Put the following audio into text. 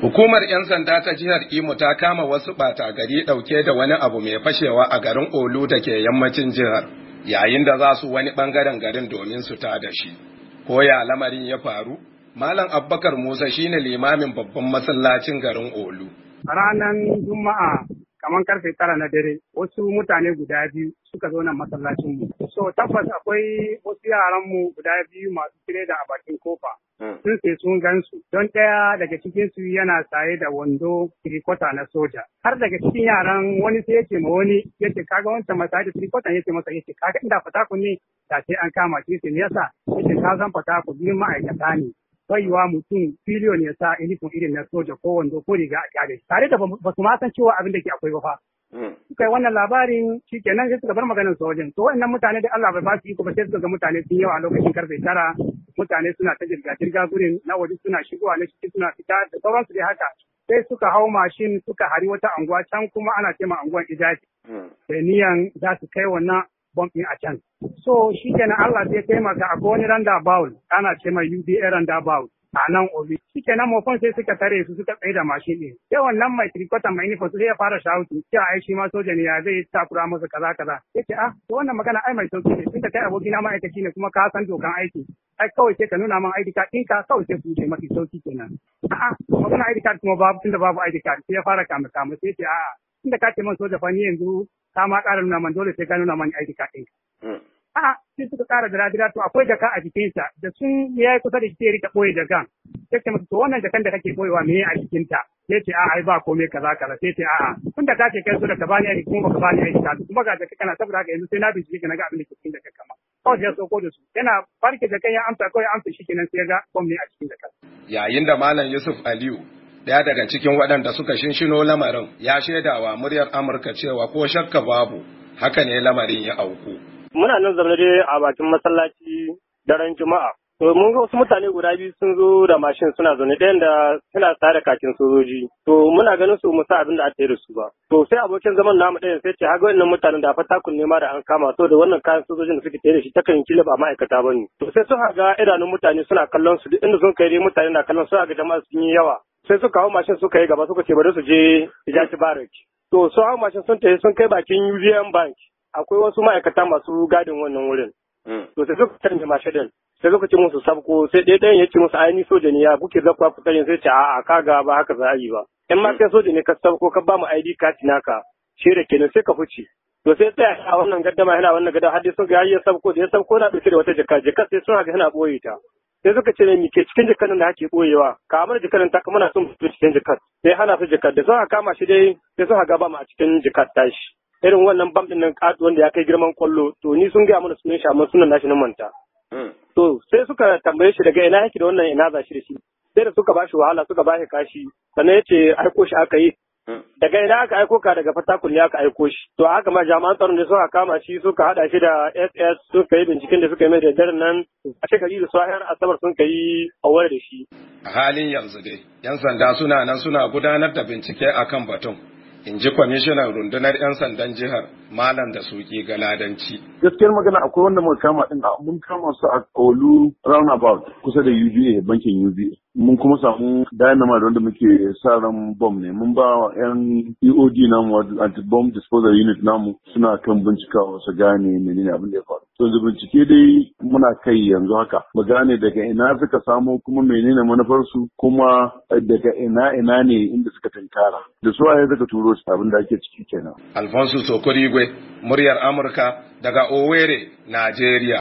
Hukumar 'yan sanda ta jihar Imo ta kama wasu ɓata gari ɗauke da wani abu mai fashewa a garin Olu da ke yammacin jihar, yayin da za su wani ɓangaren garin domin su ta da shi. Ko ya lamarin ya faru? Malam Abubakar Musa shi ne limamin babban masallacin garin Olu. Ranar Juma'a kamar karfe tara na dare wasu mutane guda biyu suka zo nan masallacin mu. So tabbas akwai wasu yaran mu guda biyu masu tire da a bakin kofa. Hmm. sun sai sun gansu don ɗaya daga cikin su yana saye da wando tirikota na soja har daga cikin yaran wani sai yake ma wani yake kaga wancan masa da tirikota yake masa yake kaga inda ku ne ta sai an kama shi yace yasa yake ka san fataku biyun ma'aikata ne baiwa mutum filiyon ya sa ilifin irin na soja ko wando ko riga a kyale tare da ba su ma san cewa abin da ke akwai ba fa hmm. suka yi wannan labarin shi kenan sai suka bar maganar sojin to wannan mutane da Allah bai ba su iko ba sai suka ga mutane sun yawa a lokacin karfe tara mutane suna ta jirga-jirga gurin na waje suna shigowa na shi suna fita da sauransu dai haka sai suka hau mashin suka hari wata anguwa can kuma ana ma anguwan ijaji da hmm. niyan za su kai wannan bombin a can so shi kenan Allah sai taimaka akwai wani randa bawul ana ce ma UDA randa bawul a nan obi shi kenan mafan sai suka tare su suka tsaye da mashin ɗin sai wannan mai trikota mai nufin sai ya fara shawuti cewa ai shi ma soja ne ya zai takura masa kaza kaza yace ah to wannan magana ai mai sauki ne tunda kai aboki na ma'aikaci ne kuma ka san dokan aiki ai kawai sai ka nuna min ID card ɗinka kawai sai bude mafi sauki kenan a'a magana ID card kuma babu tunda babu ID card sai ya fara kama kama sai ce a'a tunda ka ce man soja fa ni yanzu ka ma ƙara nuna min dole sai ka nuna min ID card ka hmm. a'a sai suka ƙara da radira to akwai jaka a jikinsa da sun ya yi kusa da shi rika ɓoye jakan sai ce masa to wannan jakan da kake ɓoyewa me a jikinta sai ce a'a ai ba komai kaza kaza sai ce a'a tunda ka ce kai so da ka bani aiki kuma ka bani card kuma ga jaka kana saboda haka yanzu sai na bincike ka na ga abin da ke cikin jakan kamar kawai ya sauko da su yana farke jakan ya amsa kawai amsa shi kenan sai ya ga ne a cikin jaka. yayin da malam yusuf aliyu Daya daga cikin waɗanda suka shinshino lamarin ya shaidawa muryar Amurka cewa ko shakka babu haka ne lamarin ya auku. Muna nan zaune a bakin masallaci daren Juma'a To mun ga wasu mutane guda biyu sun zo da mashin suna zaune ɗayan da suna da kakin sojoji. To muna ganin su musa abin da a tsaye da su ba. To sai abokin zaman namu ɗayan sai ce ga wannan mutanen da fata kun ma da an kama to da wannan kayan sojojin da suke tsaye da shi takan kila ba ma'aikata ba ne. To sai sun haga idanun mutane suna kallon su duk inda sun kai dai mutane na kallon su ga jama'a sun yi yawa. Sai suka hau mashin suka yi gaba suka ce bari su je Ijaci Barak. To sun hau mashin sun tafi sun kai bakin UVM Bank. Akwai wasu ma'aikata masu gadin wannan wurin. Hmm. To sai suka canja mashin sai lokacin musu sabko sai ɗaya ɗayan ya ce musu ainihin soja ne ya buke zakwa ku tsayin sai ce a a kaga ba haka za a yi ba in ma hmm. kai soja ne ka sabko ka ba mu ID card naka shi da kenan sai ka fice to sai tsaya a wannan gaddama yana wannan gaddama har dai sun ga ya sabko da ya sabko na ɗauke da wata jaka jaka sai sun haka yana ɓoye ta sai suka ce mai ke cikin jikan da ake ɓoyewa ka amma jikan ta kuma na sun fito cikin jikan sai hana su jikan da sun kama shi dai sai sun haka ba mu a cikin jikan tashi irin wannan bam ɗin nan ƙatuwan da ya kai girman kwallo to ni sun gaya mana sunan shi amma sunan nashi na manta Mm. To sai suka tambaye shi daga ina yake da wannan ina za shi da shi. Sai da suka bashi wahala suka bashi kashi sannan ya ce aiko shi aka yi. Mm. Daga ina aka aiko ka daga fatakul ne aka aiko shi. To haka ma jami'an tsaron da suka kama shi suka hada shi da SS suka yi binciken da suka yi mai da daren nan a shekaru da sa'ayar asabar sun yi awar da shi. A halin yanzu dai, 'yan sanda suna nan suna gudanar da bincike akan batun. in ji kwamishinan rundunar 'yan sandan jihar malam da suki ganadanci. gaskiyar magana akwai wanda muka kama din mun kama su a olu roundabout kusa da uba bankin uba mun kuma samu dynamite wanda muke sa ran bom ne mun ba yan EOD namu anti bomb disposal unit namu suna kan bincikawa su gane menene abin da ya faru to yanzu bincike dai muna kai yanzu haka mu gane daga ina suka samo kuma menene manufar su kuma daga ina ina ne inda suka tankara da su waye suka turo su abin da ake ciki kenan Alfonso gwe muryar Amurka daga Owerri Najeriya